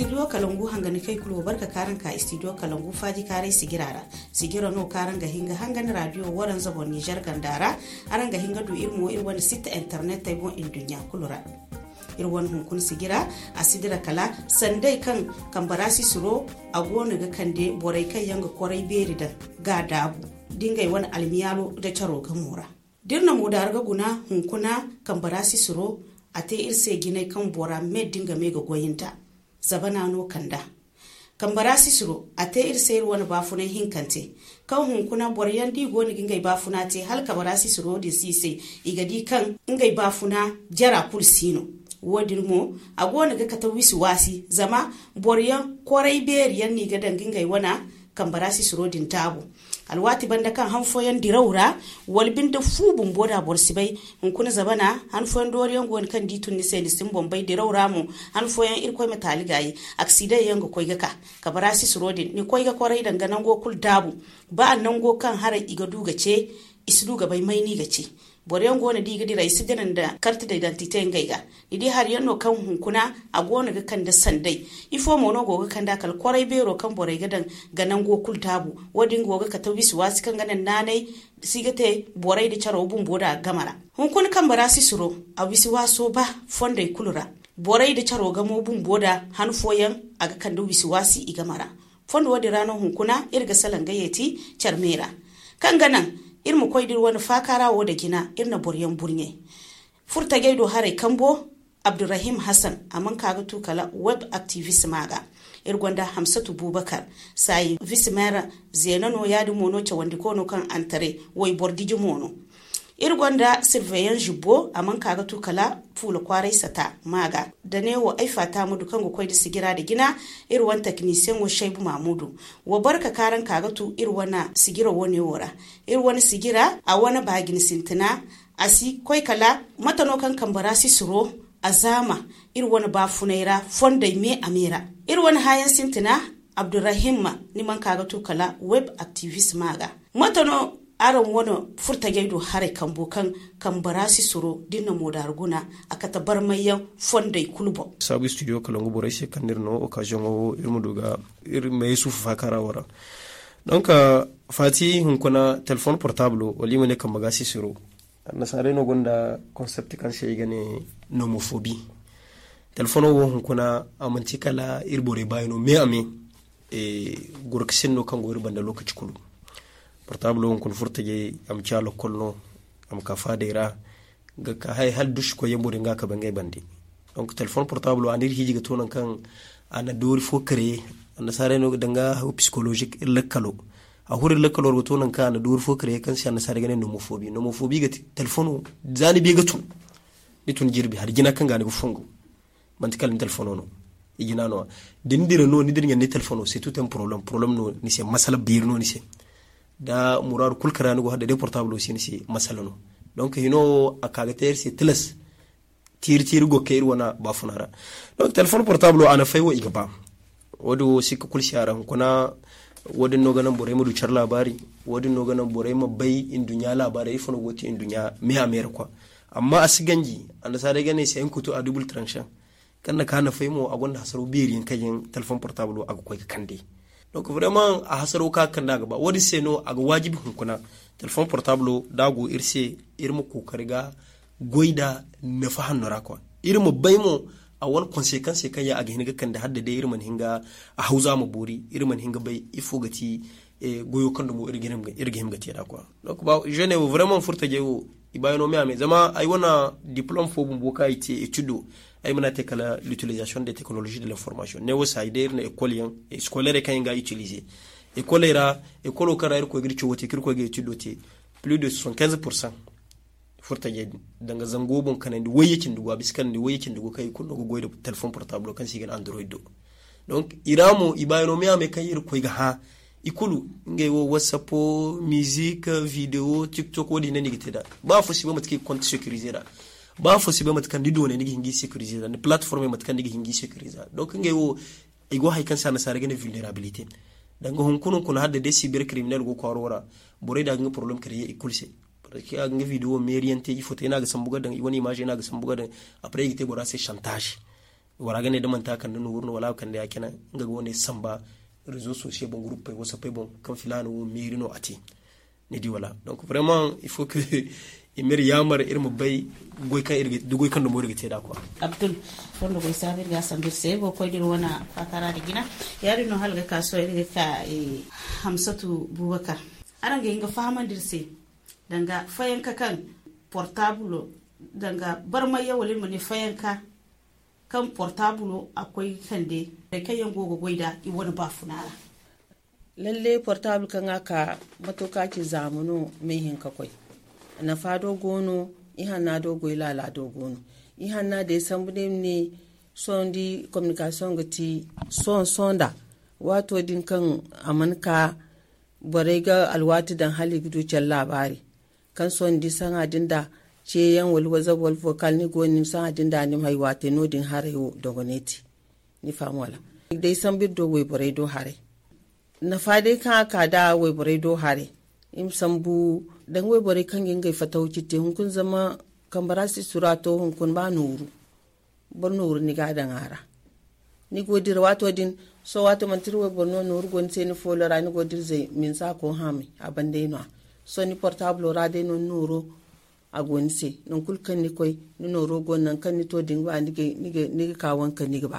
studio kalangu hangani kai kulo barka karan ka studio kalangu faji kare sigirara sigira no karan ga hinga hangani radio waran zabon nijar gandara aran ga hinga du irmo irwan sita internet tai bon indunya kulura irwan hunkun sigira a sidira kala sandai kan kambarasi suro a gona ga kande borai kai yanga korai beri da ga dabu dingai wani almiyalo da caro ga mura dirna mu da guna hunkuna kambarasi suro a ta irse ginai kan bora mai dinga mai ga goyinta zabana no kanda kambara sisiro ate ir sayir wani bafunan hinkante kan hunkuna boryan digo goni gingai bafuna te hal kambara sisiro di sise igadi kan ingai bafuna jara pulsino wadin mo a goni ga kata wisi wasi zama boryan kwarai beriyan ni gadan gingai wana kambara sisiro din tabo alwati banda kan hanfoyen diraura walbin da fu boda borsibai in kuna zabana hanfoyen doriyan gon kan ditun ni sai nisin bombai diraura mu han foyan mataligayi mi taligayi aksida ka kabarasi surodin ni koiga korai danganan go dabu ba a go kan hara igadu gace isdu gabai mai ni ga boren gona diga dira isi ganin da karta da daltita yin gaiga. idi har no kan hunkuna a gona ga kan da sandai ifo mono goga kan da kal kwarai bero kan borai gadan ganan go kul tabu wadin goga ka tawi wasu kan ganan nanai sigate bore da charo bun boda gamara hunkun kan bara suro a wisi waso ba fondai kulura borai da charo gamo bun boda hanfoyan ga kan da wisi wasi igamara fondo wadi ranar hunkuna irga salan gayyati charmera kan ganan irmu koydir wani fakara wo da gina na boryan burnye furta gaido hare kambo abdurrahim hassan a amman kaga tukala web activist maga gwanda hamsatu bubakar sayi visimera zenano yadi mono cawandi kono kan antare wai bordijo mono ir gonda surveyan jibbo man kaga tukala fula kwarai sata maga da ne wa aifa ta mudu kan gukoi da sigira da gina irwan wan wa shaibu mamudu wa barka karan kaga tu irwana sigira wani wura irwan sigira a wani bagin sintina si kwai kala matano kan kambara si suro azama zama wani bafunaira fondai me amira ir hayan sintina abdurrahim ma man kaga tukala web activist maga matano aron wani furta gaido hare kambo kan kambarasi soro dinna a kata bar mayan fondai kulubo. sabu studio kalongo borai shi kandir no occasion o irmu duga ir mai su fa kara wara ka fati hun kuna telephone portable wali ne kan magasi soro nasare no gonda concept kan shi gane nomophobie telephone wo hun kuna amanti kala irbore bayno me ame e gurkisin no kan goir banda lokaci kulu portable on kun furta je am calo kollo am ka fadera ga ka hay hal dush ko yembo nga ka bangay bandi donc telephone portable o andir hiji ga tonan kan ana dori fo kare ana sare no danga ho psychologique lekkalo a huri lekkalo ga tonan kan ana dori fo kare kan si na sare ganen nomofobi nomofobi ga telephone zani bi ga tun ni tun jirbi har gina kan ga ni fungu man tikal telephone no igina no dindira no ni dinga ni telephone c'est tout un problème problème no ni c'est masala bir no ni c'est da murar kulkara nugu hada deportable portable sin si masalano donc hino akagater si tilas tir tir go kair wana bafunara donc telephone portable ana fai wo igaba wadu sik kul shara kuna wadu no ganan bore mu ducar labari wadu no ganan bore mu bai in dunya labari ifo no goti in dunya mi amerika amma asiganji anda sare gane sai kutu a double transaction kanna kana fai mu agonda hasaru birin kayin telephone portable aga koy kande donc vraiment a hasaro ka kan daga ba wadi seno aga wajibi hunkuna telephone portable dago irse irmu kokariga goida na fahan nora ko irmu baymo a wani consequence kan ya aga hinga kan da hadda dai irman hinga a hauza mu bori irman hinga bai ifo gati eh, goyo kan da mu irgin irgin gati da ko donc ba je ne vraiment furta jewo ibayano me ame zama ay wana diplôme fo bum boka ite étude ay mana te kala l'utilisation des technologies de l'information ne wosa ider na école yan scolaire kan ga utiliser école era école kara er ko gir chowote kir ko ge étude te plus de 75% furta ye danga zango bon kan ndi wayecin dugo abiskan ndi wayecin dugo kai ko go goyde telephone portable kan sigen android do donc iramo ibayano mi ame kan ir ko ga ha ikulu nge wo whatsapp musique video tiktok wo ne ni gitida ba fo ba matki compte sécurisé da ba fo ba matke di do ne nigi hingi sécurisé da ne plateforme matke nigi hingi sécurisé donc nge wo igo hay kan sana sare gene vulnérabilité danga hon kunun kun hadde de cyber criminel go korora bore da nga problème créer i kulse parce que nga video mérienté i foto na ga sambuga dan i wani image na ga sambuga dan après igite bora se chantage wara gane da manta kan nunu wurno wala kan da yakena ngaga woni samba réseaux sociaux bon groupe eh, wo sape eh, bon kan filana wo mirino ati ne di wala donc vraiment il faut que mer yamar mo bay goy kan irge du goy kan do morge teda quoi abdul fondo goy sabir ga sambir se go koy dir wana fakara de gina yari no halga ka so irge ka e, hamsatu bubaka aran ga inga fahaman dir se danga fayanka kan portable danga barma yawale mu ni fayanka kan portable akwai kande da kayan gogo goida i wani ba funara lalle portable kan aka matuka ki zamuno mehin kai na fado gono ihan na dogo ilala dogono ihan na da san bude ne son di communication gati son sonda wato din kan amanka bare ga alwati dan hali gidu can labari kan son di san adin da ce yan walwaza vocal ni gonin san adin da ni mai wate nodin harayo dogoneti ni famu wala dai san bir do we borai do hare na fadai kan aka da we borai do hare im san bu dan we borai kan gingai fatau kitte hun kun zama kambara si surato hun kun ba nuru bar nuru ni ga ara ni godir wato din so wato mantir we borno nuru gon sai ni folora ni godir zai min sa ko hami abande no so ni portable ra dai no nuru a gonse nan kulkan ni koi ni noro gon nan kan ni to dingwa ni ga ni ga kawon kan ni ba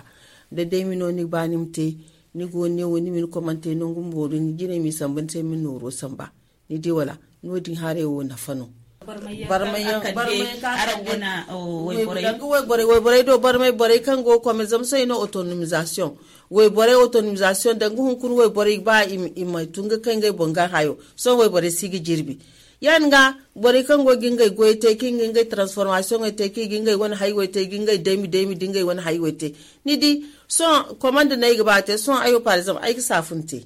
da dai mino ni ba nimte ni go ne woni min komante no ngum bodu ni gine mi ban te min san ba ni dai wala no din hare wo na fano barmay barmay way boray way boray do barmay boray kan go ko me zam sai no autonomisation way boray autonomisation da ngun kun way boray ba imay tunga kan ga bonga hayo so way boray sigi jirbi yanga bori kan go gingai go ite gai transformation ite gai wani highway te gai demi demi dingai wani highway te ni di so command na iga te so ayo par exemple ay safunte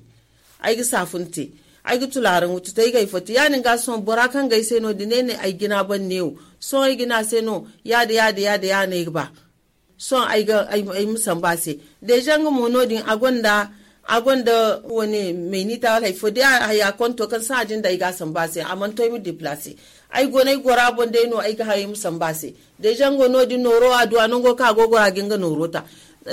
ay safunte ay tularin wuce te ga ifati yan ga so bora kan ga sai no ne ay gina ban new so ay gina sai no yada yada yada yana iga ba so ay ga ay musan ba sai de mono din agonda agonda wani mai nita wala ifo dia ya konto kan sa ajin da iga sambase aman toy mu deplace ai gona nay gora bon de no ai ka hayi mu sambase de jango no di noro ka go gora ginga norota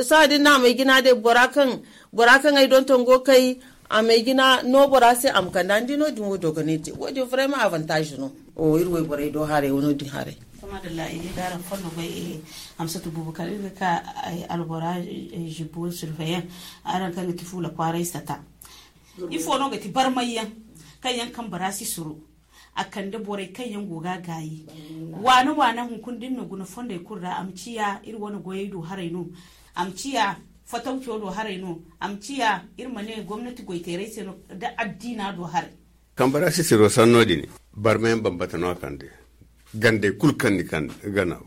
sa din na mai gina de bora kan ai don tongo kai a mai gina no bora se am kan dan di no di wo dogonete wo di vraiment avantage no o irwe bora do hare wono di hare madalla ili garan fonno goy amsatu bubukar ili ka eh, albora eh, jibo surveyan aran kan ki fula kwarai sata ifo no gati barmayan kan yan kan barasi suru kan da borai kan yan goga gayi wani wani hunkundin na guna fonda kurra amciya iri wani goyi do harainu amciya fatauciyo do harainu amciya irmane gwamnati goiterai sai da addina do hare kambara sisiro sannodi ni barmayan bambata no kande gande kul ni kan gana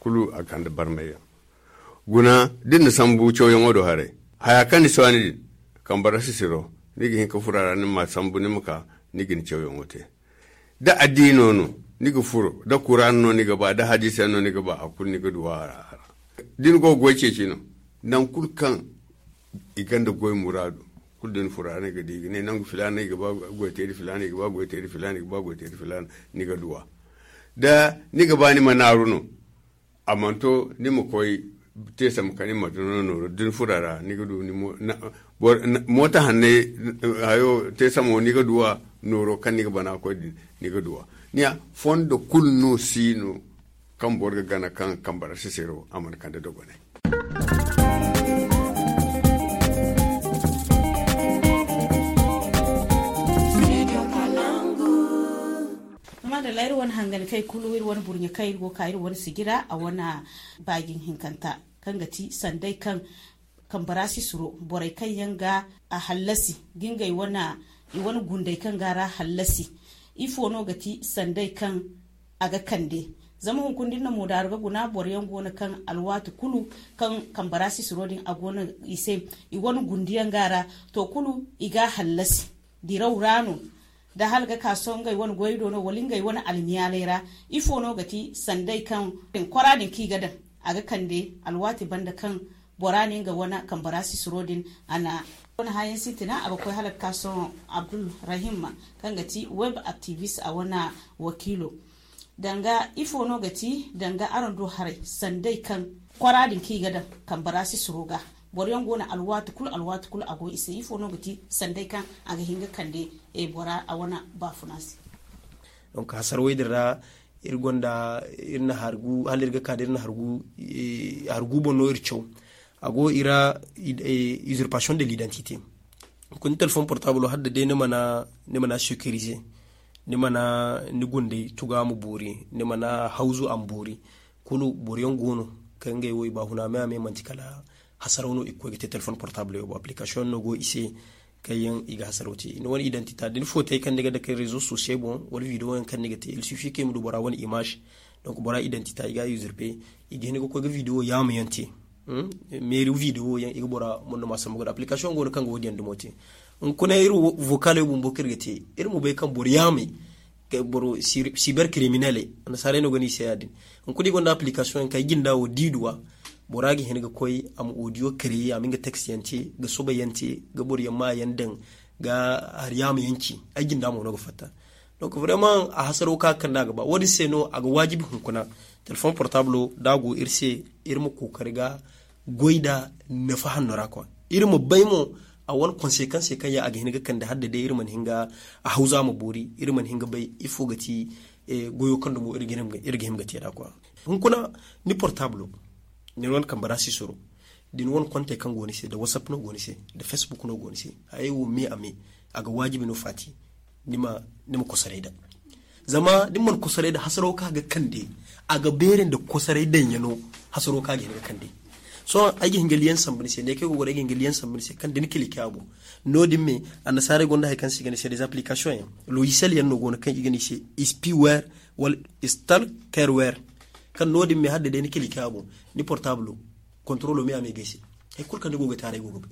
kulu akande barmeya guna din sambu coyongo do hare haya ni sowani din kambara sisiro nigi ka furara nima sambu nimka nigin coyongo te da addino no niga furo da kuran no ni gaba da hadisi no gaba ba akul niga duwara din go ce ci no nan kul kan da goy muradu kullun furana ga digi ne nan filana ga ba goy teri filana ga ba goy teri filana ga ba goy teri filana niga duwa da ni gaba ni manaruno amanto ni mu koi te sam kani maduno no dun furara ni gudu ni mo mota hanne ayo te samo ni guduwa noro kan ni bana ko ni guduwa niya fondo kul no sino kan gana kan kambara sisero aman kan da dogone da lair wan kai kulu wani burnya kai ko kair wani sigira a wani bagin hinkanta kan gati sandai kan kan barasi suro borai kan yanga a hallasi gingai wana wani gundai kan gara hallasi ifo no gati sandai kan aga kande zama hunkundin na mu da arga guna boryan gona kan alwatu kulu kan kan barasi din a gona ise wani gundiyan gara to kulu iga hallasi dirau rano da halga kason gai wani goido dono walin gai wani almiya lera ifo no gati sandai kan din kwaradin ki a aga kande alwati banda kan borani ga wani kan barasi surodin ana wani hayan sitina abu bakwai halar kasuwan abdul rahima kan gati web activist a wani wakilo danga ifo no gati danga aron harai sandai kan kwaradin ki gada kan barasi suroga bor yango na alwatu kul alwatu kul ago ise ifo no gati sandai kan aga hinga kande e bora awana bafunasi donc hasar weydira ir gonda irna hargu halirga kada irna hargu e, hargu bonno ir chow ago ira e, usurpation de l'identité kun telefon portable hadda de ne mana ne mana sécuriser ne mana ni gonde mu bori ne mana hauzu am bori kulu bori kan kange woy ba huna me me mantikala hasarono ikkoygete téléphone portable yo bo application no go ise kayen iga hasaroti ina wani identita din fotai kan daga daga rezo sosai bon wani video yan kan daga te il suffit ke mu dubara wani image donc bora identita iga usurpe iga ne ko ga video ya hmm? mu yanti meri video yan iga bora mun ma san application go kan go diyan dumote in kuna iru vocal bu kirga gate iru mu bai kan bor ya mu boro cyber criminel e. na sare no gani sai adin in kudi gonda application kan ginda wo diduwa boragi hin ga koi am audio kiri am ga text yanci ga suba yanci ga buri yamma yandan ga haryam yanci agin damu no ga fatta donc vraiment a hasaro ka kan daga ba wadi seno ga wajibi hun kuna telephone portable dago irse irmu kokari ga goida na fahan nora kwa irmu baimo a wani consequence kan ya aga hin ga kan da hadda dai irman hinga a hauza mu bori irman hinga bai ifo gati eh, goyo kan da mu irgin irgin gati da kwa hun kuna ni portable nin won kan bara si soro din wani konte kan goni se da whatsapp no goni se da facebook no goni se ay wo mi ame ga wajibi no fati nima nima kosare da zama din man kosare da hasaro ka ga kande ga beren da kosare dan yano hasaro ka ga kande so agi hingaliyan sambani se ne kai go gore hingaliyan sambani se kan din kili kabo no din me a nasarar gwanda haikan se gani se des applications logiciel yan no gona kan igani se spyware wal instalkerware kan nodin mi hadde ni kili kabo ni portable control mi ame gesi hay kul kan goga tare goga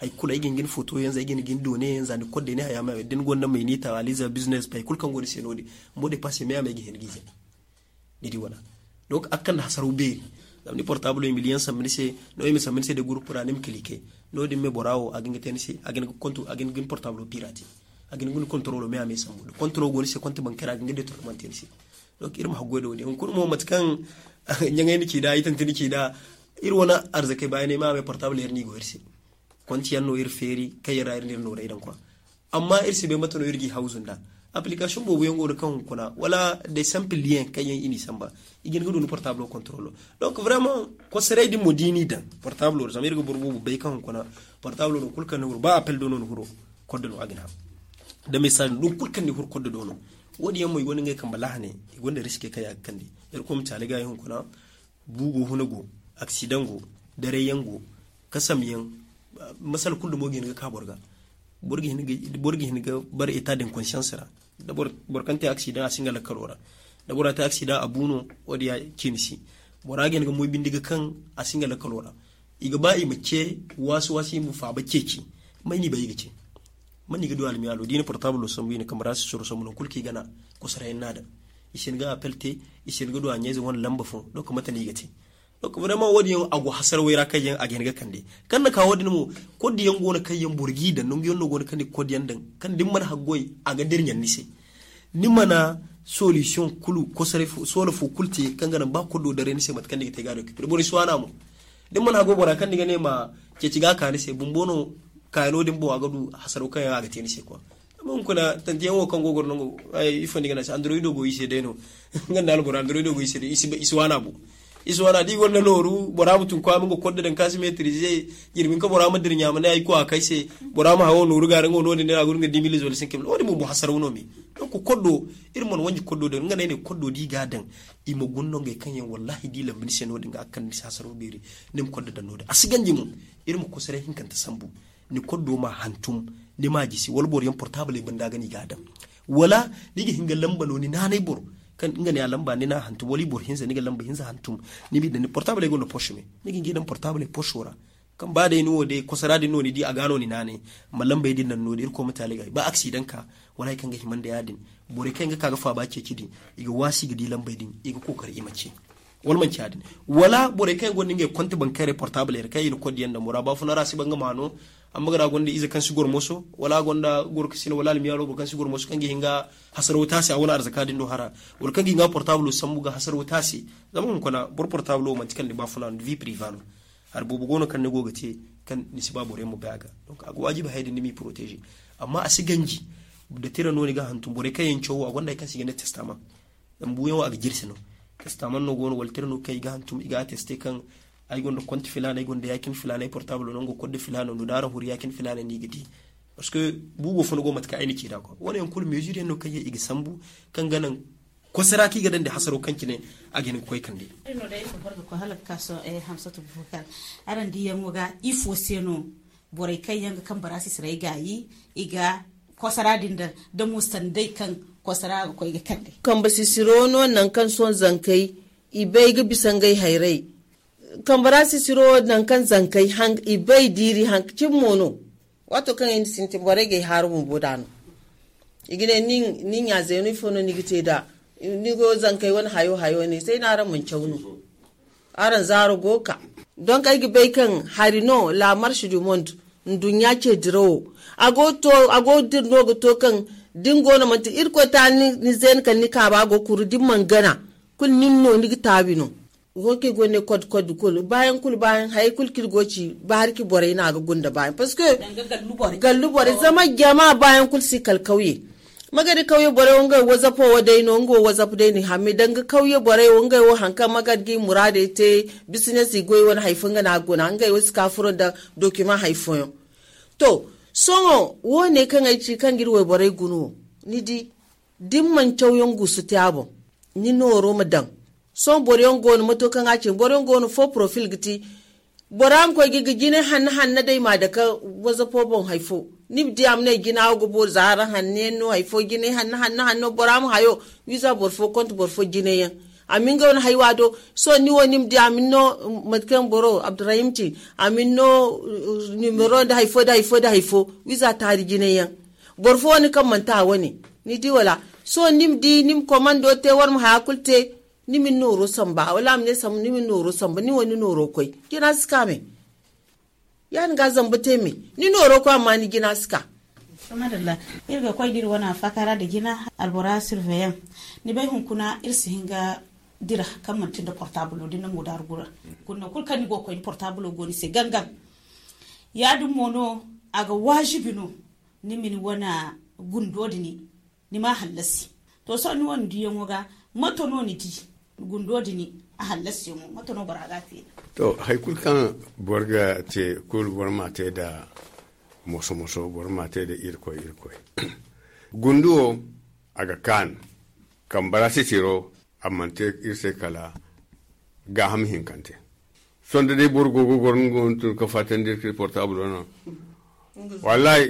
hay kul ay gin foto yanzu ay gin done yanzu ni kodde ni hayama be den gonna mai ni ta aliza business pay kul kan godi se nodi de passe mi ame gije ni di wala donc akkan hasaru be ni portable e liyan sam se no e sam se de groupe ranem cliquer no de me borawo agin ten si agin kontu agin gin portable pirati agin gun control me ame sam control goni se compte bancaire gin de tourmenter se donc irin hagodo woni on kurmo matkan ñangayni kiida yitantini kiida ir wona arzake bayane ma mai portable erni irsi. kwanci yan noyar feri yara yar ir da idan kwa amma bai mata noyar gi irgi hausunda application bobu yan da kan kuna wala sample simple kan yan ini samba igin gudu ni portable control donc vraiment ko serai di modini dan portable zama irgo burbu bai kan kuna portable no kulkan no ba appel do ni huro koddo no agna da message dun kulkan ni hur koddo do wodi yan moy woni ngay kam balahane gonde riske kay ak da er kum tale ga yin kuna bugu hunugo accidengo dare yango kasam yin masal kullu mogi gen ga kaborga borgi hin ga borgi hin ga bar état de conscience ra da bor bor kante a asingala karora da bor ta a buno wadi ya kinisi bora gen ga moy bindiga kan a asingala kalora iga ba i mace wasu wasu mu fa ba keki mai ni ba yi gace mani do almi alo dini portable ne kamar kamera suru sun somuno kulki gana ko yin nada ishin ga pelte ishin ga do nyezi wani lamba fun do mata ni gati do ko vraiment wodi yon agu hasar wayra kay a gani ga kande kan ka kawo mo ko di yan gona kay yan burgi da nungi yan gona kande ko di yan dan kan mana hagoi a ga dir nyan nise ni mana solution kulu ko sare fo solo fo kulti kan gana ba kudu da dare nise mata mat kande ga te ga do ki bori suwana mo dim mana hago bora kan diga ne ma ke ci ga ka ni se bumbono kayano din bo agadu hasaro kan yaga tini se ko mun kuna tanti yawo kan gogor nango ay ifo diga na android go ise deno ngan dal bor android go ise isi iswana bu iswana di wonna loru bora mutun ko amungo kodde den kasi maîtriser jirmin ko bora madir nyama ne ay ko akai se bora ma hawo noru garan go nodi ne agur ngi 2000 zol sen kebel odi mu bo hasaro no mi donc koddo irin irmon wanji koddo den ngana ne koddo di gadan imo gunno nge kanyen wallahi di lambin sen nodi ga kan hasaro biri nim koddo dan nodi asiganji mun mu ko sere hinkan sambu ni koddo ma hantum ni ma jisi wal bor yan portable ban da gani gadam wala ni nige hinga lamba no ni nanai bor kan ingani a lamba ni na hantum wali bor hinza ni ga lamba hinza hantum ni bi da ni portable go no poche me nige gidan portable poshora kan ba da yinuwa da kusura no ni di a gano ni nane lamba yi din nan nodi ko mutale gai ba accident ka wala kan ga himan da yadin bore kan ga kaga fa ba ce kidi iga wasi ga lamba bai din iga kokar imace wal man cadin wala bore kan gonin ga konti bankare portable kai ni kodi yanda mura ba funa rasi banga mano amma gara gonda iza kan sigor moso wala gonda gor kasina wala almiya ro kan sigor moso kangi hinga hasar wuta si awona arzaka din do hara wal kangi nga portable sambu ga hasar wuta si zaman kona bor portable man tikan ba bafuna vi privano har bubu gono kan ne gogate kan nisiba bore mu baga donc ago wajibi ni mi protege amma asiganji da tira noni ga hantum bore kayen chowo gonda kan sigane testama dan buyo aga jirsino testaman no gono wal tira no kai ga hantum iga teste kan ay gondo compte filane ay gondo yakin filana ay portable non go kodde filana no dara hur yakin filana ni gidi parce que bugo fono go ka ayni kida ko wona en kul mesure en no kayi igi sambu kan ganan ko ki gadan da hasaro kanki ne a gani koy kan de no dai ko barka ko halaka kaso e hamsatu bukal aran di yamo ga ifo seno borai kai yanga kan barasi sirai gayi iga kosara dinda da mustan dai kan kosara ko iga kan de kan basi sirono nan kan son zankai ibe ga bisangai hairai kambara si siro nan kan zankai hang ibai diri hang cin mono wato kan yin sinti bore ge harumu bodano igine nin nin ya zai ni fono ni gite da ni go zankai wani hayo hayo ne sai na ran mun chauno aran zaro goka don kai bai kan harino la marche du monde dunya ce diro agoto to no go to kan dingo na mata irko ta ni zen kan ni ka ba go kuru din mangana kun no ni gitabino woke gonne kod kod kul bayan kul bayan hay kul kil goci bahar ki bore ina ga gunda bayan parce que gallu bore zama jama bayan kul si kal kauye magadi kauye bore wonga po wadai no ngo wazapo dai ni hami danga kauye bore wonga wo hanka magadi murade te business goyi won haifun ga na gona ngai wasu kafuro da document haifun to songo wo ne kan ai ci kan girwe bore gunu ni di dimman chawyon gusu te abo ni noro madan son boryon gonu matokan akin boryon gonu fo profil giti boram ko gigi gine hanna hanna dai ma da ka waza fo bon haifo ni di am ne gina go bo zara hanne no haifo gine hanna hanna hanno boram hayo visa bor fo kont bor fo gine ya amin ga wani haiwa do so ni woni nim di amin no matkan boro abdurrahim ti amin no uh, numero da haifo da haifo da haifo visa tari gine ya bor fo wani kan manta wani ni di wala so nim di nim komando te war mu hakulte ni min noro somba wala mine sam ni min noro somba ni wani noro koi gina ska me yan ga zamba te me ni noro ko amma ni gina ska alhamdulillah irga koi dir wana fakara da gina albora surveillant ni bai hun kuna irsi hinga dira kan mantin da portable dina mu da rubura kunna kul ni go portable go ni se gangan ya dum mono aga wajibino ni min wana gundodini ni ma halasi, to so ni wani diyan waga matono ni ti gundodini a hallasse mu mata no bara gafe to haikul kan borga te kul borma te da moso moso borma te da irko irko a aga kan kan bara sitiro amante irse kala ga ham kante son de borgo go gorn gon tur ka fatandir kri portable no wallahi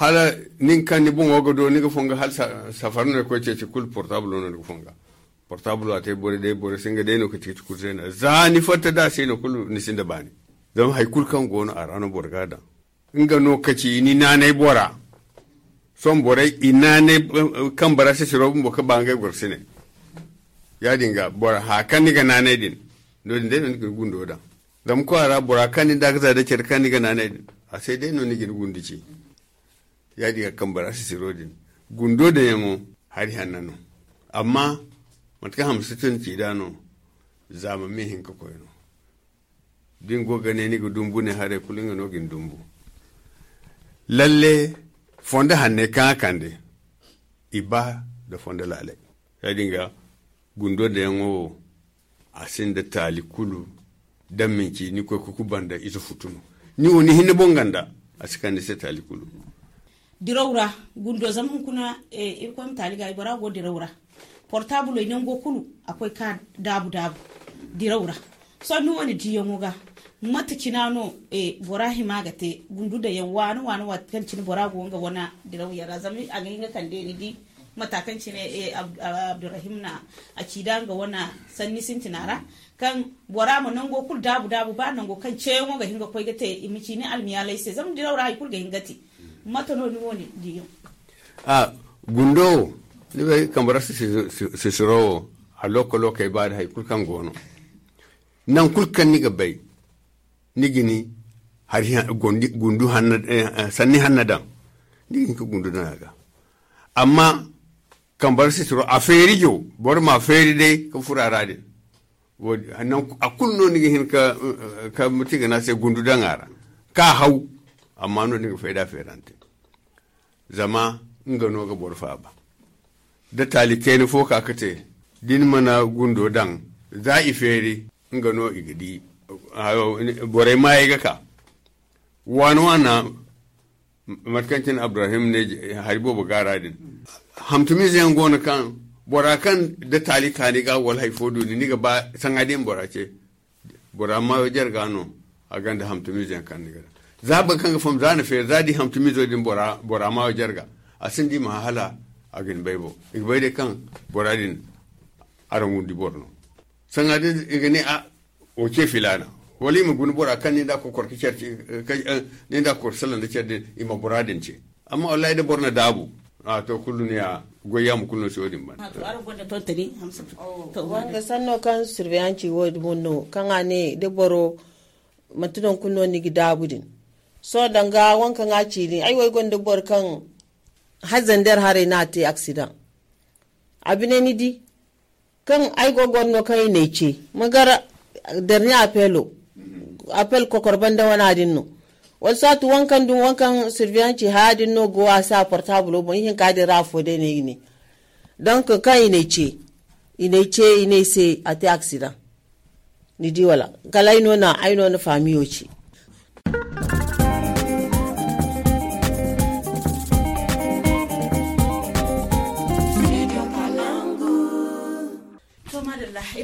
hala nin kan ni bungo go do ni ga fonga hal safar no ko ce ci kul portable no go fonga portable te bore de bore singa de no kiti kurse za zani fata da sai no kulu ni sinda bani zan hay kul kan gono a ranar borgada inga no kaci ni nanai bora son bore ina ne kan bara sai shiro bun boka bangai gurse ne ya dinga bora ha kan ni ga nanai din no din de no ni gundo da zam ko ara bora kan ni da ga da cer kan ni ga nanai din a sai de no ni gin gundici ya dinga kan bara sai shiro din gundo da yamo hari hannano amma matuƙa hamsin tun ti zama mi hin ka koyno din go gane ni go dumbu ne hare kulinga no gin dumbu lalle fonde hanne kan kande iba da fonde lale ya dinga gundo da yango asin da tali kulu dan minki ni ko kuku banda ito futunu ni woni hinne bonganda asikande se tali kulu diraura gundo zam kuna e eh, irkom taliga ibara go diraura portable ne ngo kulu akwai ka dabu dabu diraura so nu wani diyan wuga mata no e eh, borahi magate gundu da yan wani wani watan cin borago ga wana diraw yara zami a ga kan dai ni di matakan cin e eh, abdurrahim na a kidan ga wana sanni sintinara kan bora mu nan go kul dabu dabu ba nan go kan ce mo ga hinga koy gate imici ni almiya laise zam diraw ra hay kul ga hingati mata no ni woni diyan a ah, gundo libe kambarasi sisiro aloko loka ibada hay kulkan gono nan kulkan ni gabai eh, eh, ni gini har gundu sanni hannadan ni gini ka gundu na ga amma kambarasi sisiro a feri jo bor ma feri dai ka furara din nan a kunno ni gini ka eh, ka mutiga na sai gundu dangara ka hau amma no ni ga faida ferante zama ngano ga borfa ba da talikeni fo kakate din mana gundo dan za i feri nga no igidi bore ma iga ka wani wana matkancin abrahim ne haribo bugara din hamtumi zai gona kan bora kan da tali kani ga wal haifo duni ni ga ba san adin bora ce bora ma wajar gano a ganda hamtumi zai kan ni za ba kan ga fam na fe za di hamtumi zai din bora bora ma wajar ga asin di mahala agin baybo ig bayde kan boradin wundi borno sangade igani a o ke filana wali mu gun bora kan da ko korki certi da ko salan da cerdi ima boradin ce amma wallahi da borna dabu a to kullun ya goya mu kullun so din ban to aron gonda to tani to wanda sanno kan surveillance wod munno kan ane eh, de boro matunan kunno ni gidabu so danga wanka ngaci cilin ai wai gonda bor kan har der hare na te accident abine ni di kan ai gogon no kai ne ce magara darni apelo apel korban da wana din no wasu satu wankan dun wankan surveillance ha din no go asa portable bon yin ka da rafo de ne ne don ka kai ne ce ine ce ine se ate accident ni di wala kala ino na no na famiyo ce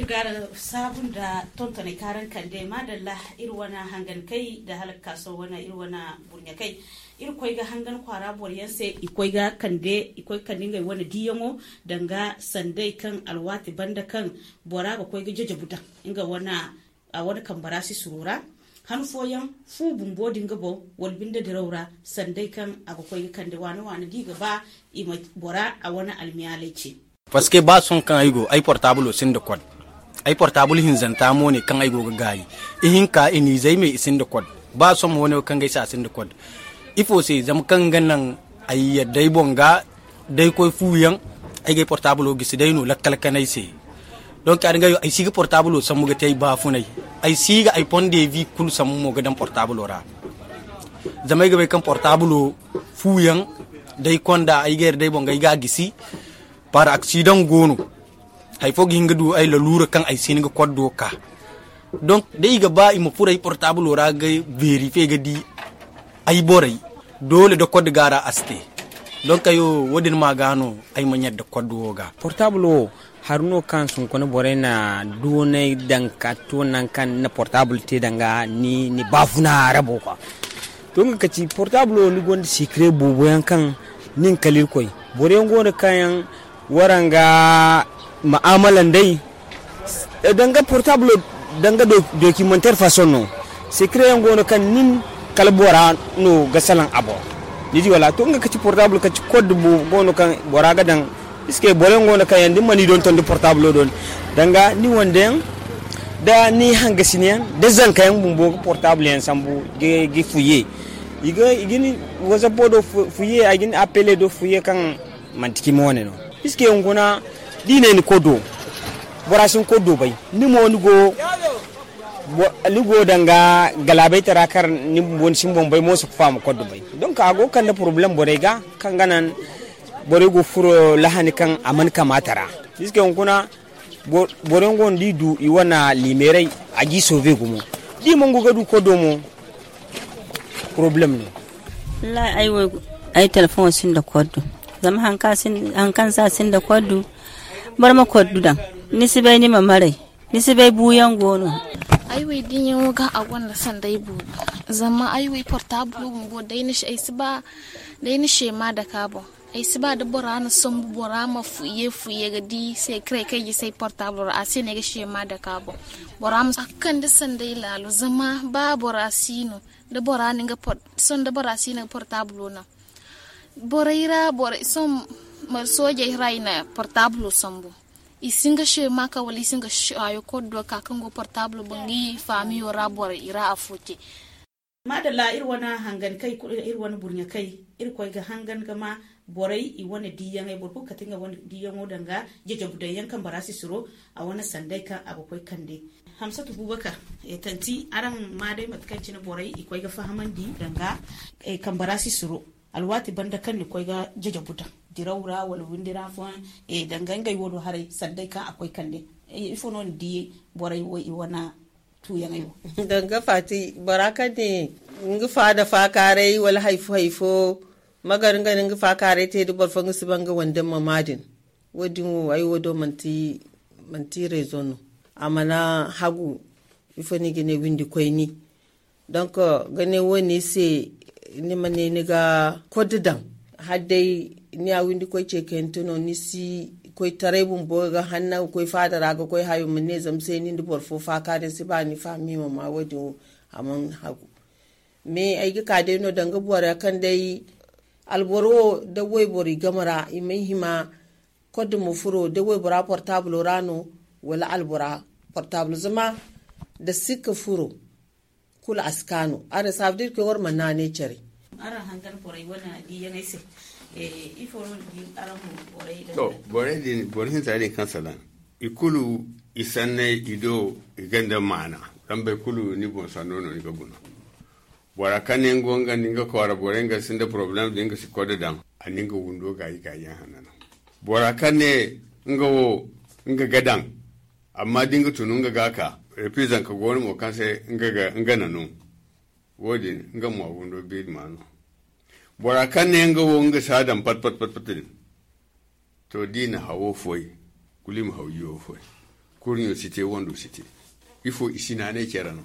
Habib gara sabon da tontone karan kan dai madalla irwana hangan kai da halakka so wana irwana burne kai irkoi ga hangan kwara boryan sai ikoi ga kande ikoi kan dinga wani diyango danga sandai kan alwati banda kan bora ga koi ga buta inga wana a wani kambara si surura hanfoyan fu bumbo dinga bo walbinda da raura sandai kan kan kande wani wani diga ba ima bora a wani almiyalai ce. que ba sun kan aigo ai portable sin da kwad. ai portable hin zanta mo ne kan ai goga gari ihin ka ini zai mai isin da kwad ba son mo ne kan gaisa sin da kwad ifo sai zam kan ganan ai yadda dai bonga dai koy fuyan ai gai portable gi gisi dai no lakkal kanai sai donc aɗa gawi ai siga portable o sammuga tey bafunayi ay siga ay ponde vi kul ga dan portable ra ra ga bai kan portable fuyan day konda ay gere dai bonga yga gisi par accident gonu. hay fo hinga du ay lalura kan ay singa kwaddo ka donc da iga ba ima furay portable ora ga verifier ga di ay boray dole da kwaddo gara aste donc ayo wodin ma gano ay ma nyadda kwaddo ga portable o haruno kan sun kono borai na dan ka to nan kan na portable te danga ni ni bafuna rabo ka don ka ci portable ni gon secret bo boyan kan nin kalir koy bore ngona kayan waranga ma'amalan dai danga portable danga documentaire façon no se créer ngono kan nin kala no gasalan abo niji wala to nga kaci portable kaci code bu ngono kan bora ga dan iske bore ngono kan yandi mani don ton portable don danga ni wanden da ni hanga sinian da zan kayan bumbo portable yang sambu ge ge fuye iga igini waza bodo fuye agin appele do fuye kan mantiki mone no iske ngona dine ni kodo borasin kodo bai ni mo ni go ni go danga galabai tara kar ni bon sin bon bai mo su fam kodo bai ka go kan da problem bore ga kan ganan bore go furo lahani kan aman kamatara iske kuna bore ngon di du iwana limerai agi sove gumo di mon go gadu kodo mo problem ne la ai ai telefon sin da kodo zama hankan sa sin da kodo barma kwadudan nisibai nima marai nisibai buyan gono aiwai din yan waga a wannan san dai bu zama aiwai porta bulu go dai ni shi ba dai ni she ma da kabo ai siba da bora na son bora ma fuye fuye ga di sai kai kai sai porta bora a sai ne ga shi ma da kabo bora ma kan da san dai lalu zama ba bora sino da bora ni ga son da bora sino porta na na ra bora son soje raina portable sambo isinga she maka wala isinga she ayo koddo ka kango portable bangi fami yo rabor ira afuti madalla ir wana hangan kai ko ir wani burnya kai ir koy ga hangan ma borai i wani diyan ai e burku katinga wani diyan je je budai kan barasi suro a wani sandai ka abu koy kande hamsatu bubakar e tanti aran ma dai matkan cin borai i koy ga fahaman di danga e kan barasi suro alwati banda kan ni koy ga je budai diraura wala windira fo e eh, danganga yodo hare sadde ka akwai kande e ifo non di boray wo wana tuyanga yo danga fati baraka de ngi fada fa kare wala haifu haifo magarin ganin ngi fa kare te dubar fa ngi sibanga wandan mamadin wadin ai wado manti manti rezono amana hagu ifo ni gine windi koyni donc gane woni se ni mane ni ga kodidan har ni a windi koy ce kentuno ni si koy tarebun ga hanna koy fadara ga koy hayo mun ne sai ni ndi fo fa kare si ba ni mi ma ma wadi amon hagu me ai ga ka dai no danga buwar kan dai alboro da wai bori gamara mai hima kodin mu furo da wai bora portable rano wala albora portable zama da sika furo kula askano ara sabdir ke war manane cari ara hangar borai wana di yanai sai Eh, i foron di ala mu bore yi to bore di bore sin tare kan salan ikulu isanne ido iganda mana tambe kulu ni bon sanono ni gobuno bora kanen gonga ninga kora borenga sinda problem dinga sikoda dam aninga wundo gayi gayi hanana bora ne nga wo nga gadan amma dinga tunu nga gaka reprezan ka gonu kan kanse nga nga nanu wodi nga a wundo bi manu bora kanne nga wo nga sadam pat pat pat pat to dina hawo foi kulim hawiyo foi kurnyo site wondo site ifo isinane kerano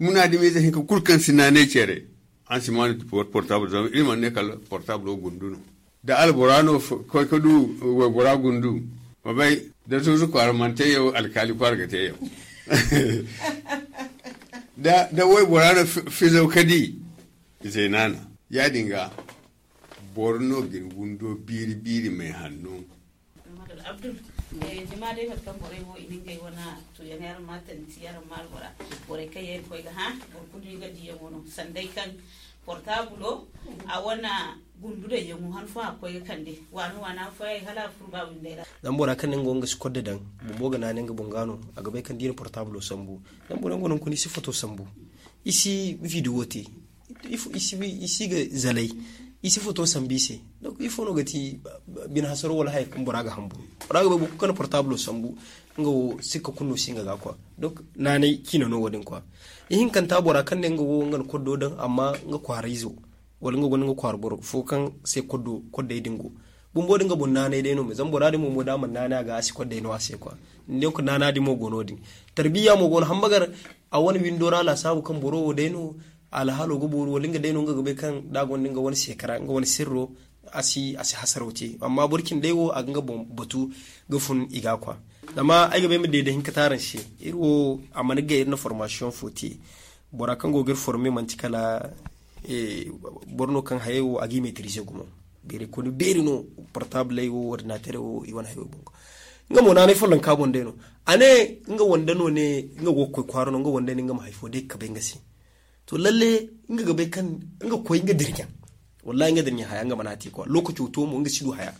muna di meze hinka kulkan sinane kere an simani portable zama ilman ne kala portable o gunduno da alborano koy kadu wo bora gundu mabai da zuzu ko armante yo alkali pargate yo da da wo bora fizo kadi zainana ya dinga borno gin gundo biri biri mai hannu abdul eh, portabulo a wana gundu da yamu han fa koi kan de wani wana fa yi hala furba windera dan bora kan ningo ngas kodda dan bumbo ga nanin ga bungano a gabai kan dina portabulo sambu dan bora ngonon kuni sifato sambu isi video te isi ga zalai isi foto sambise donc il faut no gati bin hasaro wala hay kumbura ga hambu raga babu kana portable sambu nga wo sikka kunno singa ga kwa donc nanai kina no wadin kwa yihin kan bura kan ne nga wo ngan koddo dan amma nga kwarizo wala nga gonga nga boro fo kan sai koddo kodda dingo bumbo dinga bon nanai dai no me zambo radi mo moda man nana ga asi kodda no ase kwa ne ko nana di mo gono din tarbiya mo gono hambagar a wani windora la sabu kan boro dai no alhalo guburu walinga dai nunga gobe kan dagon dinga wani shekara nga wani sirro asi asi hasarauce amma burkin daiwo a ganga batu gufun igakwa dama ai gabe mu hinka kataran shi irwo a maniga irna formation 40 bora kan gogir forme mantikala e borno kan hayewo agi maîtriser gumo bere bere no portable yo ordinateur yo iwan hayewo bungo nga mo nanay folan kabon deno ane nga no ne nga wokkoy kwaro nga ne nga ma hayfo ka bai ngasi to lalle inga gabe kan inga koyi inga dirya wallahi inga dirya haya inga manati ko lokaci to mu inga sidu haya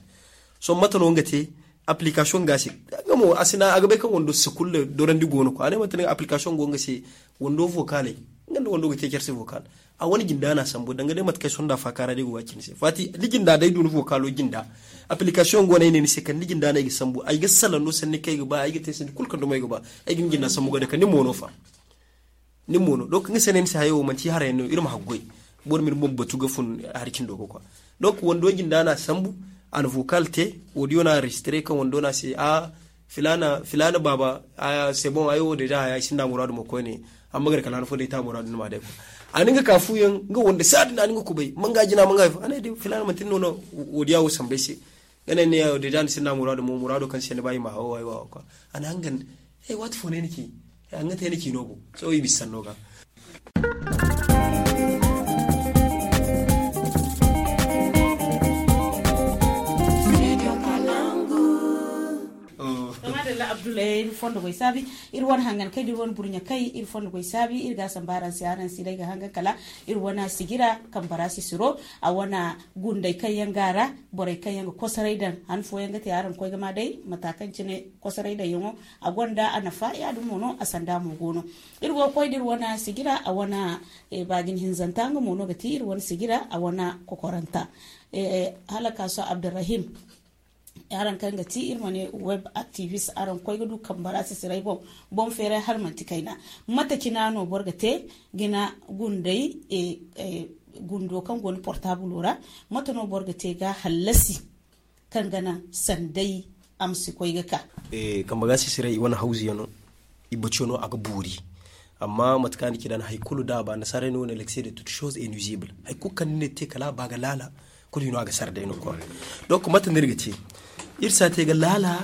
so mata no inga te application shi inga mu asina aga be kan wondo sikulle doran di gono ko ane mata inga application go inga se wondo vocale inga wando ga te kersi vocal a wani ginda na sambo danga dai mat kai sonda fa kara dai go kin se fati liginda dai dun vocal o ginda application go ne ne se kan liginda na ga sambo ai ga salano sanne kai ga ba ai ga te sen kulkan do mai ga ba ai gin ginda sambo ga da kan ni monofa ni mono donc ngi sene mi sahayo man ti harayno irum haggoy bor min batu ga fun eh, harkin dogo quoi donc wondo na sambu an vocal te audio na registré kan wando na se a ah, filana filana baba a ah, se bon ayo deja ya sinda muradu mo ko ne amma gar kala fo de ta muradu ma de ani ga kafu yan ga wanda sadi na ani ga kubai manga jina manga ana de filana man tin nono audio wo sambe se gane ne ya deja sinda muradu mo muradu kan sene ne bai ma hawa oh, wa oh, ko ana hangan hey eh, what fo ne e ki. annateni kinogo so i bissannoo qaba. le ir fondo go sabi ir wan hangan kai dir wan burnya kai ir fondo go sabi ir gasan baran si aran si daga hangan kala ir wana sigira kan barasi siro a wana gundai kai yan gara borai kai yan kosarai dan an fo yan gata yaran koi gama dai matakan cine kosarai da yungo a gwanda ana fa ya dum mono a sanda mu gono ir wo koi dir wana sigira a e, wana e bagin hinzanta ga mono gati ir wan sigira a wana kokoranta e, e halaka so abdurrahim aran kan gati ne web activist aran kwai gudu kambara si sirai bom bom fere har kaina mata kina no borgate gina gundai e, e, gundo kan goni portable ora mata no borgate ga halasi kan gana sandai amsi kwai ga ka e kambara si sirai wani hauzi yano no aga buri amma matkani kidan haikulu da ba nasarai no ne lexi da tout chose inusible haikukan ne te kala baga lala kuli gasar da sarde don kuma donc mata ce irsa ta ga lala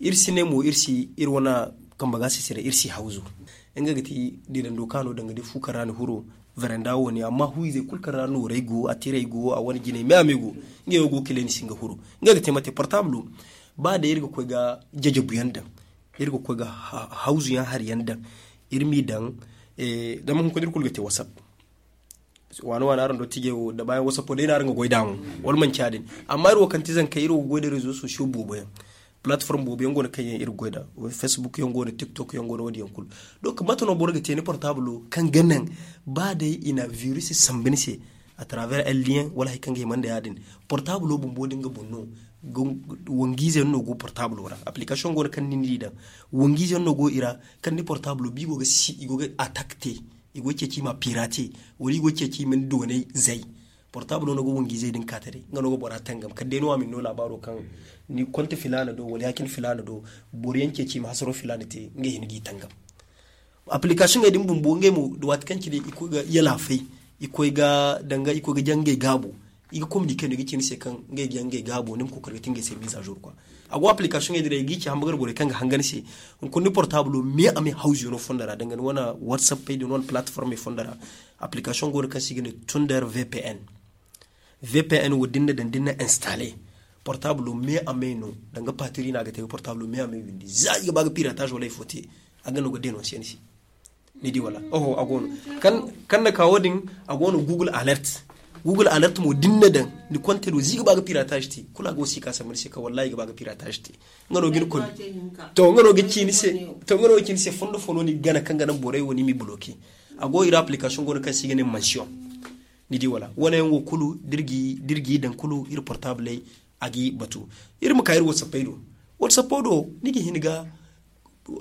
irsi ne mu irsi irwana kamba su sira irsi hauzu in ga gati didan doka no dangane fukara rani huro veranda wani amma huize zai no rani atire go a tirai go a wani gine mai me amego nge go kileni singa huro in ga gati mata portable ba da irga ko ga jajabu yanda irga ko ga hauzu yan har yanda irmi dan eh da mun kudir kulga te whatsapp wani wani aron dotti ge da bayan wasa na ringa goy damu wani man chadin amma ro kan tizan kai ro goy da rezo so shu bobo platform bobo yango na kayen ir goy da facebook yan gona tiktok yan gona wadi yankul do ka matano ga teni portable kan ganin ba da ina virus sambinse a travers un lien wala hay man da yadin portable bun bodin ga bonno wangize no go portable wara application go kan ni da wangize no go ira kan ni portable bigo ga si go ga igweke kima pirate woli igweke min done zai portable no gogon gizai din katare ngano bora tangam kadde no amin no labaro kan ni kwanta filana do wali yakin filana do boriyan ke kima hasaro filana te nge hin gitangam application ga din bumbu nge mu do watkan ki de iko ga yala fai iko ga danga iko ga jange gabo iga communiquer no gikin se kan nge jange gabo nim ko kargatin ga se mise à jour quoi agwa application ya diregi ki hambagar gore kanga hangan se kun ni portable me ami house you no fondara dangan wana whatsapp page non platform me fondara application gore kan sigin tundar vpn vpn wo dinna dan dinna installer portable me ami no danga patiri na ga te portable me ami windi za ga baga piratage wala e fote aga no ga denoncer ni di wala oho agono kan kan na kawo din agono google alert google alert mo dinna dan ni konte do ziga baga piratage ti kula go sika samir se ka wallahi baga te. ti ngano gin kon to ngano gi chini se to ngano gi chini se fondo fondo ni gana kan gana borai woni mi bloki ago ira application go ka sigene mansion ni di wala wona ngo kulu dirgi dirgi dan kulu ir portable agi batu ir mu kayir whatsapp do whatsapp do ni gi a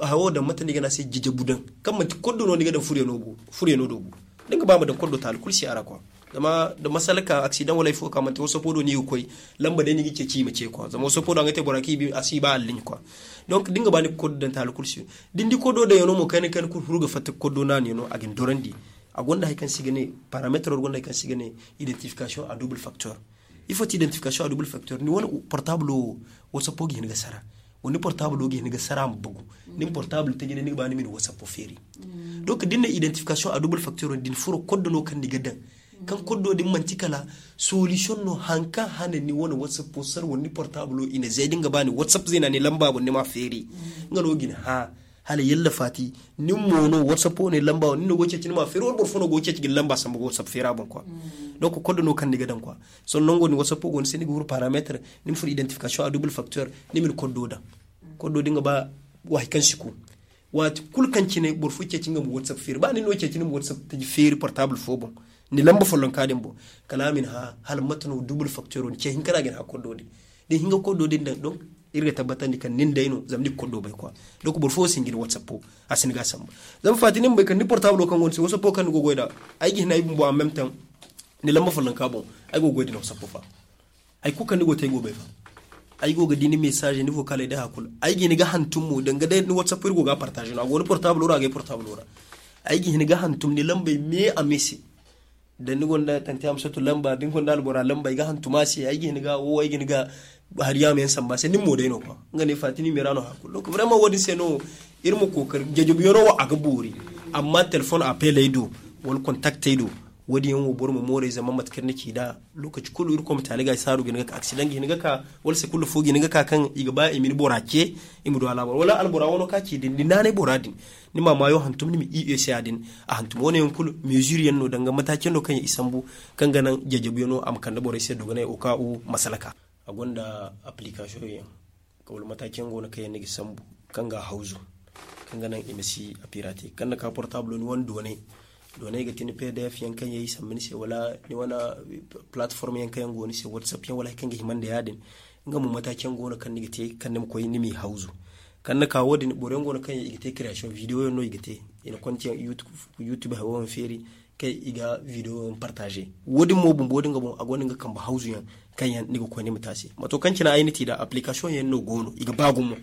hawo da mata ni gana se jije budan kan mati koddo no ni ga da fure no bu fure no do bu dinga ba mu da koddo tal kulsi ara kwa dama da masalaka aksidan wala ifo kama to so podo ni kwai lamba de ni ke ci mace kwa zama so podo ngate ki bi si ba alin kwa donc dinga bani kod dan tal din di kodo da yono mo kan kan kur ga fata kodo a yono agin di a gwanda hay kan sigane parameter gwanda hay kan sigane identification a double facteur il faut identification a double facteur ni wani portable whatsapp pogi hinga sara wani portable o ni ga mu bugu nin portable ta gida ni ba ni min whatsapp feri mm. donc din na identification a double facteur din furo kodo no kan ni gadan kan kodo din manci kala solution no hanka hane ni wani whatsapp posar woni portable ina zai dinga bani whatsapp zai na ni lamba ni ma feri ngalo gin ha hala yalla fati nin mono whatsapp ne lamba woni no goce ni ma feri wor borfono goce tin lamba sam go whatsapp fera bon kwa mm. donc kodo no kan diga dan kwa. son nongo ni whatsapp go ni senigo parametre nim fur identification a double facteur min kodo da mm. kodo dinga ba wahikan shiku wati kulkan cine bor fu ke cingam whatsapp fir. ba ni no ke cingam whatsapp ti feri portable fo bon ni lamba lon kadin bo kalamin ha hal matno double facteur on ce hinkara gen ha kododi de hinga kododi dan don irga tabbatan ni kan nin daino zamdi kodo bai kwa ko bor fo singir whatsapp po asin ga sam zam ni bai kan ni portable kan wonse wasu po kan go goida ay gi hinai bo en même temps ni lamba lon kabon ay go goida no sappo fa ku kan ni go tay go bai fa aigo ga dini message ni vocal da hakul aigi ni ga hantum mu danga da ni whatsapp irgo ga partage na agoni portable ora ga portable ora aigi ni ga hantum ni lamba me a messi da ni gonda tanti am sato lamba din gonda albora lamba ga ma si aigi ni ga o aigi ni ga har ya men samba se ni mo dai no ko ngani fatini mirano hakul ko vraiment wodi se no irmo kokar jejobiyo no wa aga buri amma telephone appel ay do wal contact ido wadi yan wobor mu more zaman matkar nake da lokaci kulu irko mutane ga saru gina ka accident gina ka wala sai kulu fogi gina ka kan iga ba imin borake imu do alabar wala albora wono ka ci din ne boradin ni ma mayo hantum ni mi iya se din a hantum wani yan kulu mesure yan no danga matakin no kan ya bu kan ganan jajabu yano am kan da borai se dogana ya uka u masalaka a gonda application ka kawul matakin gona kai ni sambu kan ga hauzu kan ganan imisi apirate kan na ka portable ni wani donai donai ga tini pdf yan kan yayi sammin se wala ni wana platform yan kan goni se whatsapp yan wala kan ga himan da yadin nga mu matakin gona kan ni te kan mu koyi ni mi hauzu kan na kawo din boren gona kan ya te creation video no yigite ina kwanci youtube youtube hawan feri kai iga video partager wodi mo bumbo dinga bon agonin ga kan ba hauzu yan kan yan ni ga koyi ni mutase mato kan kina ainiti da application yan no gono iga bagun mu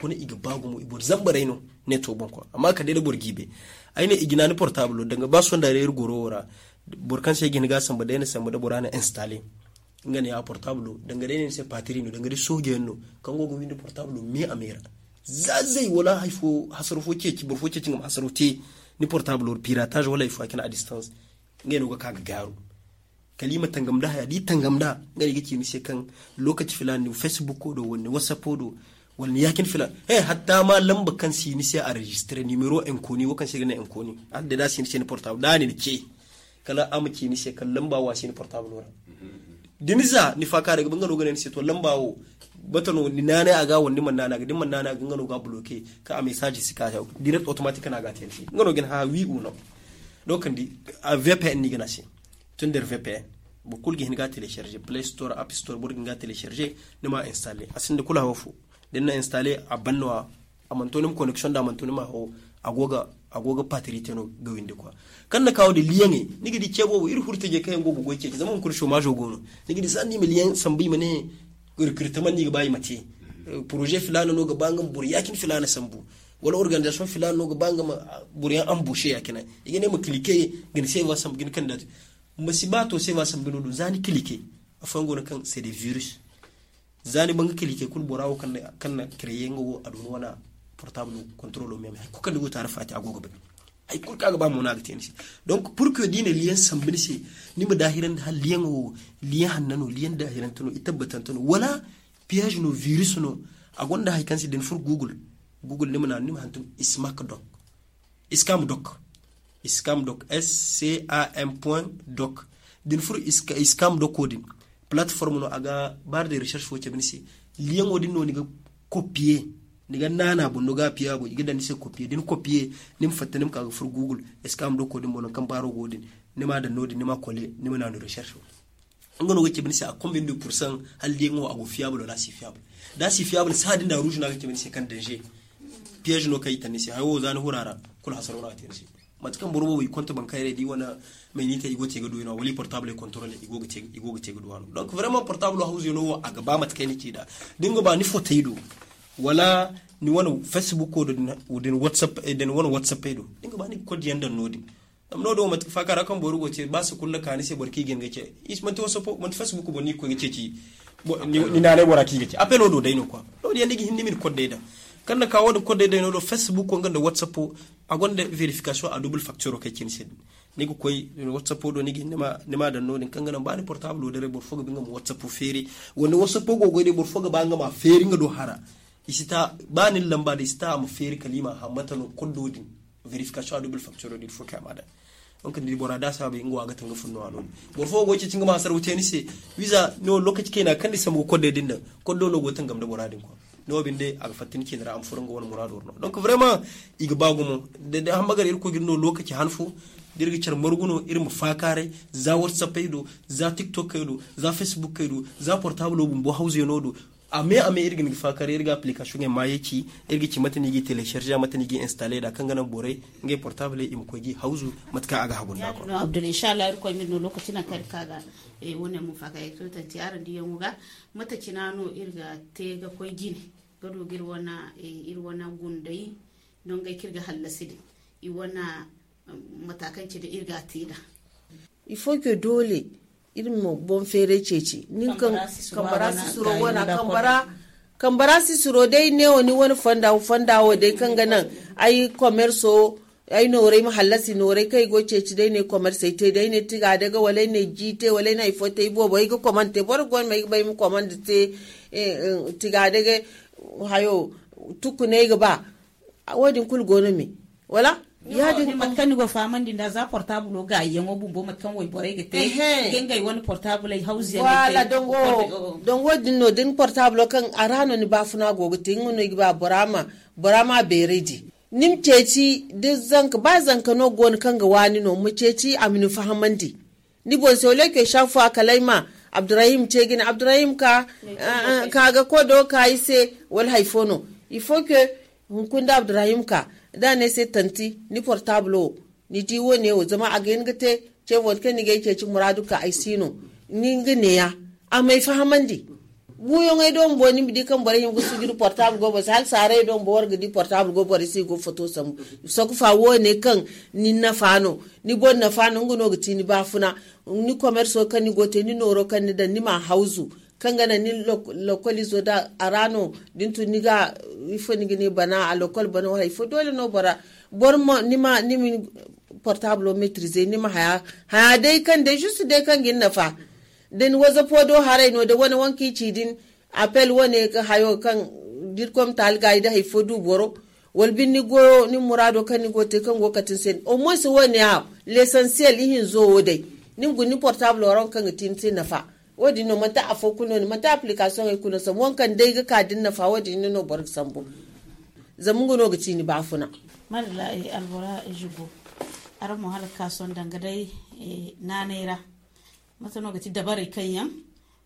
kuna iga bagu mu ibor zamba ino ne to bonko amma ka dele bor gibe aine igina ni portable daga son da rayar gorora bor kan sai gin gasan ba dene samba da burana installe ngani ya portable daga ne sai patrino daga di soge no kan gogo windu portable mi amira zazai wala haifo hasarfo ke ki burfo ke kin hasarfo ni portable piratage wala ifo kina a distance ngani go kaga garu kalima tangamda ya di tangamda ngani gake mi sai kan lokaci filani facebook ko do wani whatsapp do wani yakin fila he eh, hatta ma lamba kan si ni sai a registre numero en koni wakan si na en koni an da si ni sai portable da ni ke kala amki ni sai kan lamba wa si ni portable wala dinza ni fa kare gaban gano ganin sai to lamba wo batano ni nana ga wani man nana ga man nana ga gano ga bloke ka a message si ka direct automatic na ga tenfi gano gin ha wi uno dokan di a vpn ni gina si tun der vpn bu kulgi hin ga tele charger play store app store burgin ga ni ma installe asin da kula wafu din na installe a a mantonin connection da amantonim a agoga agoga patri teno ga winde kwa kan na kawo da liyange nigi di chebo ir hurta je kayan gogo goike zaman kur chômage gono nigi di sanni miliyan sambi mane kirkirta man ni bai mate projet filana no ga bangan bur yakin filana sambu wala organisation filana no ga bangan bur yan ambushe yakina igene mu klike gin sai wa sam gin kan da masibato sai wa sam gino zani klike afan na kan c'est des virus zani banga ke kul borawo kan kan kreyengo adun wana portable control ko hay kukan dugo tar fati agogo be hay kul kaga ba mona ga tenisi donc pour que dine lien sambini se ni mu dahiran hal lien o lien hannano lien dahiran tuno itabatan tuno wala piège no virus no agonda hay kansi den fur google google ni mana ni hantum ismak doc iskam doc iskam doc s c a m point doc din fur iskam doc coding plateforme no aga bar de recherche fo cebini se liyan o din ni ga copier ni ga nana bu ga piya go igida ni se copier din copier nim fatta nim k'a fur google est ce que am do ko din kan baro go din ma da ni ma kole nima na no recherche ngono go cebini se a combien de pourcent hal lien o ago fiable la si fiable da si fiable sa din da rouge na ga cebini se kan danger piège no kai tanisi hawo zan hurara kul hasarura tanisi matkan burbo wi konta bankai kai di wana mais ni te igo tege du yana wali portable control igo tege ce igo ga ce gudu wano donc vraiment portable house no a gaba mat kai nake da dinga ba ni fotai du wala ni wono facebook ko den whatsapp eh, den wani whatsapp du dinga ba ni ko di yandan nodi am no do mat fakara kan borugo ce ba su kulla ni se barki gen ce is man to sopo man facebook bo ni ko ce ci ni na ne boraki gake apelo do dai no kwa do yandi gi ni min ko dai da kanda wodo ko kodai da no do facebook ko ganda whatsapp a verification a double facture kai kin sai ko koy whatsapp do nigi nima nima dan no kangana bani portable re bor foga binga mu whatsapp feri woni whatsapp go go de bor foga nga ma feri nga do hara isita bani lamba de isita am feri kalima ha matalo koddo din verification double factor din fo kamada donc ndi bora da sabe ingo aga tanga funno alo bor foga go cinga ma sar ni se visa no lokaci na kandi samu kodde din da koddo no go tangam da bora din ko bin dai aga fatin ke dara am furin ga wani muradu no donc vraiment iga bagumo da de han irko girno lokaci hanfu dirgi char morguno irma fakare za whatsapp kaydo za tiktok kaydo za facebook kaydo za portable bumbu bumbo a me a me irgin gifa kare irga application ma yake irgi ci matani gi telecharge matani gi installe da kan ganan borai ngai portable im ko gi hauzu matka aga habun na ko abdul insha Allah irko min no lokacin kar kaga e wona mu faka e to tanti aran di yonga mata cinano irga te ga ko gine gado gir wana e ir wana gundai don ga kirga hallasidi i wana matakan ci da irga tida. ifo ke dole irin mabon fere ce ce ni kambara su suro wana kambara kambara su suro dai ne wani wani fandawo fandawo dai kan ganan ai komerso ai norai mahallasi norai kai goce ci dai ne komerso te dai ne tiga daga walai ne jite walai na ifo te ibo bai ga komante bor gon mai bai mu komande te eh, eh, tiga daga hayo tukune ga ba wadin kul gono me wala yadin matkan go din da za portable ga yango bumbo matkan wai bore ga te ga wani portable hausi ne wala dongo dongo dinno din portable kan arano ni bafuna go tin no ba borama borama be ready nim ceci duk zanka ba zanka no gon kan ga wani no mu ceci aminu fahamandi ni bon sole ke shafu akalaima abdurrahim cegin abdurahim ka kaga kodo ka ise wal haifono il ke que hunkunda abdurahim ka da ne sai tanti ni portable ni ti wo ne o zama a gen gate ce won ni ga ke ci muradu ka ai sino ni ga ne ya a mai fahamandi wuyo ngai don bo ni bidi kan bare yin gusu gidu portable go bo sal sare don bo war gidi portable go bare si go foto sam so ku fa wo kan ni na fano ni bon na fano nguno giti ni bafuna ni commerce kan ni gote ni noro kan ni da ni ma hauzu kangana ni lokoli a rano dintu ga ifo gini bana a lokol bana wa ifo dole no bara ma ni min portable o ni ma haya haya dai kan dai juste dai kan gin nafa den waza podo harai no da wani wanki ci din appel wani ka hayo kan dirkom tal ga ida ifo du boro walbin ni go ni murado kan ni go te kan katin sen o mo se wani a l'essentiel ihin zo dai nim guni portable o ron kan tin tin nafa wadi no mata afo kuno ni mata application e kuno sam wankan dai ga kadin na fa wadi no bar sambo zamungo no gici ni bafuna marla e albora e jibo ar mo hal kason dai e nanera mata no gici dabare kanyan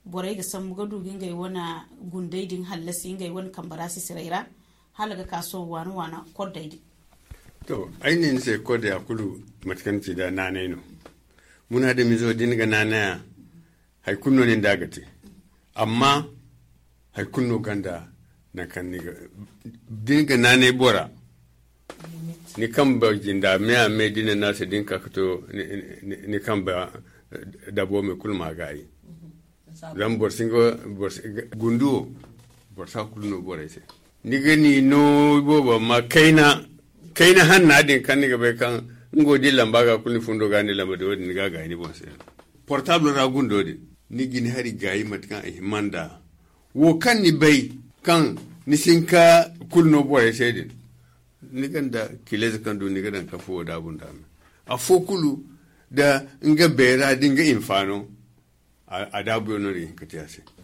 borai ga sammu ga dugin gai wana gundai din halasi gai wani kambara si siraira halaga kaso wani wana kodai din to ainihin sai kodai akulu matakanci da nanai muna da mizo din ga nanaya hay kunno nen dagate amma hay kunno ganda na kanniga dinga nane bora ni kam ba jinda me a me dinna na se dinka kato ni kam kamba eh, dabo me kul kulma gayi singo bor gundu bor borsa kulno bora se ni gani no bo ba ma kaina kaina han na din kan ni ga be kan ngodi di lamba ga kulni fundo gani lamba do ni ga ga ni se portable ra gundo din ni gini hari gayi matikan a himanda wo kan ni bai kan ni sin ka no boye shedin ni kan da kile kan do ni kan ka fo da bunda a fo kulu da nga bera dinga infano a dabu ka re kati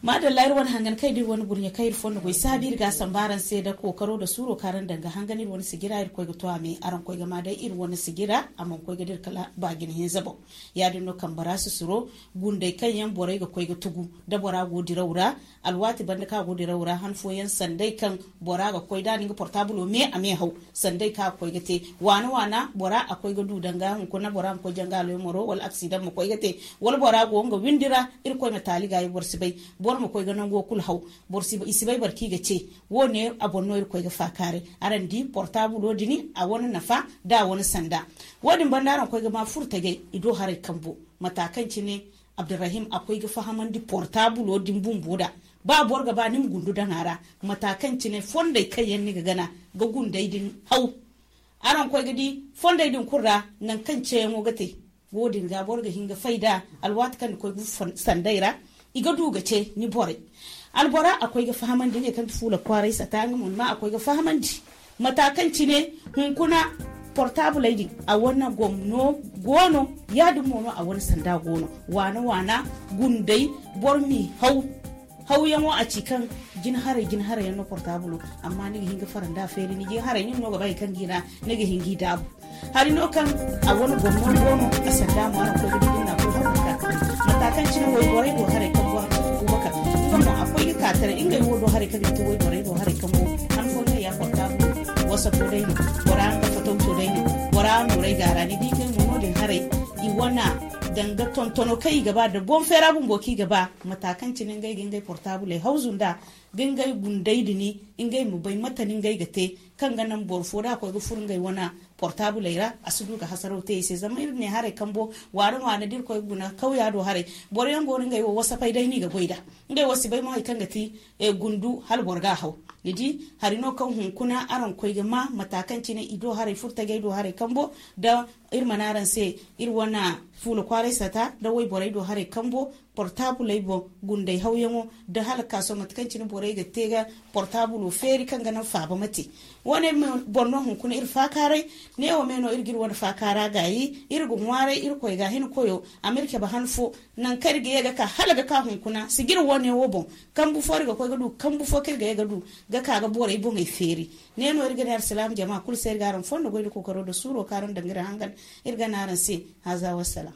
madalla irwan hangan kai dir wani gurnya kai fondo go sabi ga sambaran sai da kokaro da suro karan danga hangan ir wani sigira ir ga to ame aran koy ma dai ir wani sigira amma koi ga dir kala bagin hin zabo ya din no kan su suro gunde kan yan borai ga koi ga tugu da bora go diraura alwati banda ka go diraura han fo yan sandai kan bora ga koi da ninga portable me ame hau sandai ka koi ga te wana wana bora akoi ga du danga hun ko na bora ko jangalo moro wal aksidan mo koi ga te wal bora go ga windira irkoy ma taligaye borsi bai bor ma koy ga nango haw borsi isibai barki ga ce wone abonno irkoy ga fakare aran di portable odini a wani nafa da wani sanda wadin bandaran koy ga ma furta ga ido hare kambo matakan ci ne abdurrahim akwai ga fahaman di portable odin bumbuda ba bor ga ba nim gundu nara matakan ci ne fondai kayan ni ga gana ga gundai din hau aran koy ga di fondai din kurra nan kan ce mo gate wodin ga borga hinga faida alwat kan ko sandaira iga duga ce ni bore albora akwai ga ne kan fula kwarai sa tanga mun ma akwai ga fahamandi matakan ci ne hunkuna portable lady a wannan gomno gono ya dumono a wani sanda gono wana wana gundai bormi hau hau yamo a cikan jin hare jin hare yana portable amma ni hinga faranda fere ni gin hare ni no bai kan gina ni hingi dabu har no kan a wani gwamnan goma a sanda mu ana kogi dubin na kuma haka matakan cin wai borai ko hare kan ko a kuma akwai ka tare inga mu do hare kan to wai borai do hare kan mu an ko ya kwata wasa ko dai ne wara an ka fito to dai ne wara an borai gara ni dikin mu modin hare i wana danga tontono kai gaba da gon fera bun boki gaba matakan cinin gaigin gai portable hauzun da gingai gundaidi ni ingai mu bai mata ningai gate kan ganan borfora ko gufur ngai wana portable ira asudu ga hasaro te sai zama irin ne hare kambo waran wana dir ko guna kauya do hare boryan gorin ngai wasa fai dai ni ga goida ngai wasi bai mai kan gati e gundu hal borga hau hari n'o kan hunkuna aran koi ga ma matakan cine ido hare furta gaido hare kambo da irmanaran sai irwana fulu kwarai sata da wai borai do hare kambo portable bon gunday hawyango da halaka so matkan cin ga tega portable feri kan ganan faba mate wani borno hun kuna ir fakare ne o meno ir gir wani fakara gayi ir gunware ir koy ga hin koyo amerika ba hanfo nan kar ga ga ka halaga ka hun kuna sigir wani wo bon kan bu fori ga koy ga du kan bu fori ga ga du ga ka ga bore bon mai feri ne no ir gir salam jama'a kul sai garan fondo goyi ko karo da suro karan dangira hangal ir ganaran sai hazawa wassalam